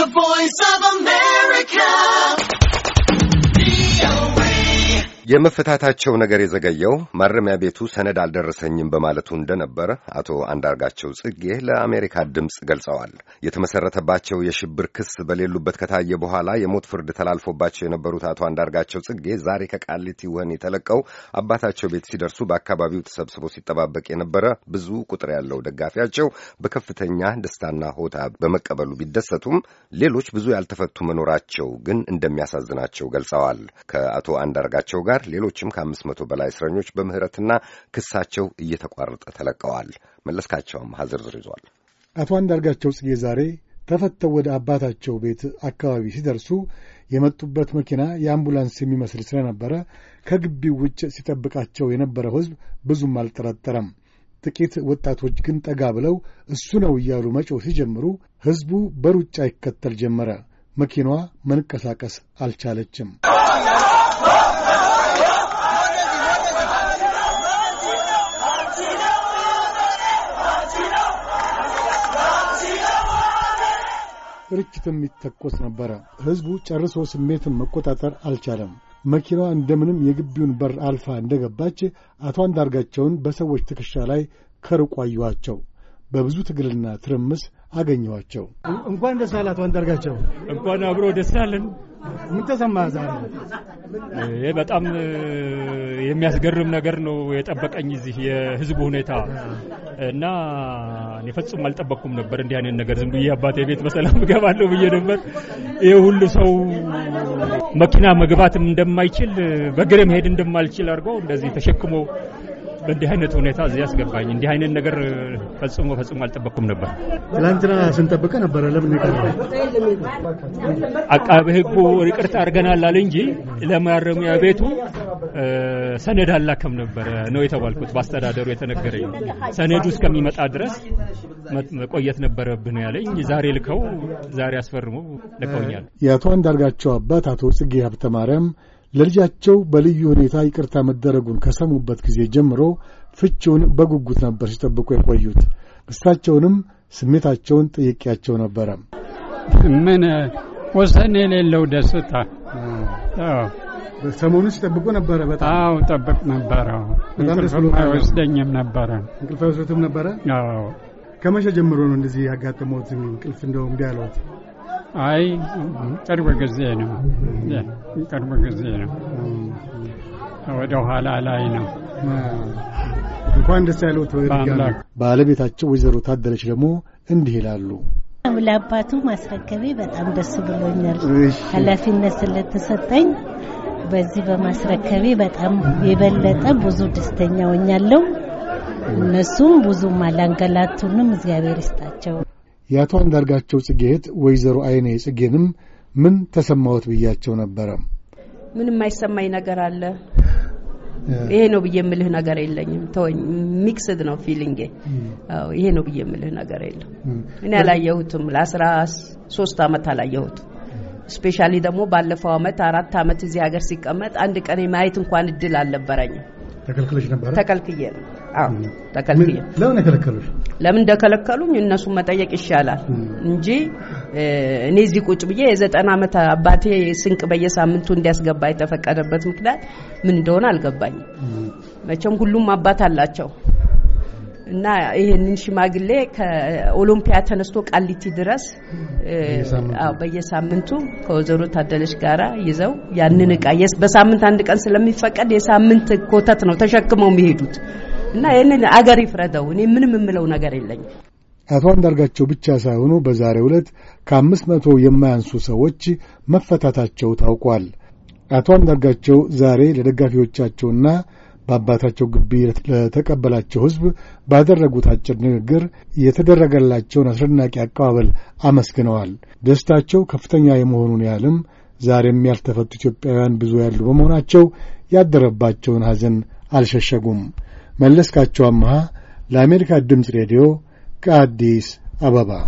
The Voice of man. የመፈታታቸው ነገር የዘገየው ማረሚያ ቤቱ ሰነድ አልደረሰኝም በማለቱ እንደነበር አቶ አንዳርጋቸው ጽጌ ለአሜሪካ ድምፅ ገልጸዋል። የተመሰረተባቸው የሽብር ክስ በሌሉበት ከታየ በኋላ የሞት ፍርድ ተላልፎባቸው የነበሩት አቶ አንዳርጋቸው ጽጌ ዛሬ ከቃሊቲ ወህኒ የተለቀው አባታቸው ቤት ሲደርሱ በአካባቢው ተሰብስቦ ሲጠባበቅ የነበረ ብዙ ቁጥር ያለው ደጋፊያቸው በከፍተኛ ደስታና ሆታ በመቀበሉ ቢደሰቱም ሌሎች ብዙ ያልተፈቱ መኖራቸው ግን እንደሚያሳዝናቸው ገልጸዋል። ከአቶ አንዳርጋቸው ጋር ጋር ሌሎችም ከአምስት መቶ በላይ እስረኞች በምህረትና ክሳቸው እየተቋረጠ ተለቀዋል። መለስካቸውም ዝርዝር ይዟል። አቶ አንዳርጋቸው ጽጌ ዛሬ ተፈተው ወደ አባታቸው ቤት አካባቢ ሲደርሱ የመጡበት መኪና የአምቡላንስ የሚመስል ስለነበረ ከግቢው ውጭ ሲጠብቃቸው የነበረው ሕዝብ ብዙም አልጠረጠረም። ጥቂት ወጣቶች ግን ጠጋ ብለው እሱ ነው እያሉ መጮህ ሲጀምሩ ሕዝቡ በሩጫ ይከተል ጀመረ። መኪናዋ መንቀሳቀስ አልቻለችም። ርችትም ይተኮስ ነበረ። ሕዝቡ ጨርሶ ስሜትን መቆጣጠር አልቻለም። መኪናዋ እንደምንም የግቢውን በር አልፋ እንደገባች አቶ አንዳርጋቸውን በሰዎች ትከሻ ላይ ከሩቅ አየኋቸው። በብዙ ትግልና ትርምስ አገኘኋቸው። እንኳን ደስ አለ አቶ አንዳርጋቸው፣ እንኳን አብሮ ደስ አለን። ምን ተሰማ ዛሬ? ይህ በጣም የሚያስገርም ነገር ነው የጠበቀኝ እዚህ የህዝቡ ሁኔታ እና እኔ ፈጽሞ አልጠበቅኩም ነበር እንዲህ አይነት ነገር። ዝም ብዬ አባቴ ቤት በሰላም እገባለሁ ብዬ ነበር። ይሄ ሁሉ ሰው መኪና መግባትም እንደማይችል በእግር መሄድ እንደማልችል አድርጎ እንደዚህ ተሸክሞ በእንዲህ አይነት ሁኔታ እዚህ ያስገባኝ። እንዲህ አይነት ነገር ፈጽሞ ፈጽሞ አልጠበቅኩም ነበር። ትላንትና ስንጠብቀ ነበረ። ለምን ይቀር አቃቤ ሕጉ ይቅርታ አድርገናል አለ እንጂ ለማረሚያ ቤቱ ሰነድ አላከም ነበረ ነው የተባልኩት። በአስተዳደሩ የተነገረኝ ሰነዱ እስከሚመጣ ድረስ መቆየት ነበረብን ያለኝ። ዛሬ ልከው ዛሬ አስፈርመው ልከውኛል። የአቶ አንዳርጋቸው አባት አቶ ጽጌ ሀብተማርያም ለልጃቸው በልዩ ሁኔታ ይቅርታ መደረጉን ከሰሙበት ጊዜ ጀምሮ ፍቺውን በጉጉት ነበር ሲጠብቁ የቆዩት። እሳቸውንም ስሜታቸውን ጠይቄያቸው ነበረ። ምን ወሰን የሌለው ደስታ ሰሞኑ ሲጠብቁ ነበረ። በጣም ጠብቅ ነበረ። አይወስደኝም ነበረ። እንቅልፍ አይወስድም ነበረ። አዎ። ከመቼ ጀምሮ ነው እንደዚህ ያጋጠመት እንቅልፍ እንደው እምቢ ያለት? አይ ቅርብ ጊዜ ነው። ቅርብ ጊዜ ነው። ወደ ኋላ ላይ ነው። እንኳን ደስ ያለዎት። ባለቤታቸው ወይዘሮ ታደለች ደግሞ እንዲህ ይላሉ። ለአባቱ ማስረከቤ በጣም ደስ ብሎኛል። ኃላፊነት ስለተሰጠኝ በዚህ በማስረከቤ በጣም የበለጠ ብዙ ደስተኛ ሆኛለሁ። እነሱም ብዙም አላንገላቱንም። እግዚአብሔር ይስጣቸው። የአቶ አንዳርጋቸው ጽጌ ወይዘሮ አይኔ ጽጌንም ምን ተሰማዎት ብያቸው ነበረ። ምን የማይሰማኝ ነገር አለ ይሄ ነው ብዬ የምልህ ነገር የለኝም። ተወኝ። ሚክስድ ነው ፊሊንጌ። ይሄ ነው ብዬ የምልህ ነገር የለም። እኔ አላየሁትም። ለአስራ ሶስት አመት አላየሁትም። ስፔሻሊ ደግሞ ባለፈው አመት አራት አመት እዚህ ሀገር ሲቀመጥ አንድ ቀን የማየት እንኳን እድል አልነበረኝም። ተከልክለሽ ነበር? ተከልክዬ ነው። አዎ ተከልክዬ። ለምን የከለከሉሽ? ለምን እንደከለከሉኝ እነሱን መጠየቅ ይሻላል እንጂ እኔ እዚህ ቁጭ ብዬ የዘጠና ዓመት አባቴ ስንቅ በየሳምንቱ እንዲያስገባ የተፈቀደበት ምክንያት ምን እንደሆነ አልገባኝም። መቼም ሁሉም አባት አላቸው። እና ይሄንን ሽማግሌ ከኦሎምፒያ ተነስቶ ቃሊቲ ድረስ በየሳምንቱ ከወይዘሮ ታደለች ጋራ ይዘው ያንን እቃ በሳምንት አንድ ቀን ስለሚፈቀድ የሳምንት ኮተት ነው ተሸክመው የሚሄዱት እና ይህንን አገር ይፍረደው። እኔ ምንም የምለው ነገር የለኝም። አቶ አንዳርጋቸው ብቻ ሳይሆኑ በዛሬ ዕለት ከአምስት መቶ የማያንሱ ሰዎች መፈታታቸው ታውቋል። አቶ አንዳርጋቸው ዛሬ ለደጋፊዎቻቸውና በአባታቸው ግቢ ለተቀበላቸው ሕዝብ ባደረጉት አጭር ንግግር የተደረገላቸውን አስደናቂ አቀባበል አመስግነዋል። ደስታቸው ከፍተኛ የመሆኑን ያህልም ዛሬም ያልተፈቱ ኢትዮጵያውያን ብዙ ያሉ በመሆናቸው ያደረባቸውን ሐዘን አልሸሸጉም። መለስካቸው አመሃ ለአሜሪካ ድምፅ ሬዲዮ ከአዲስ አበባ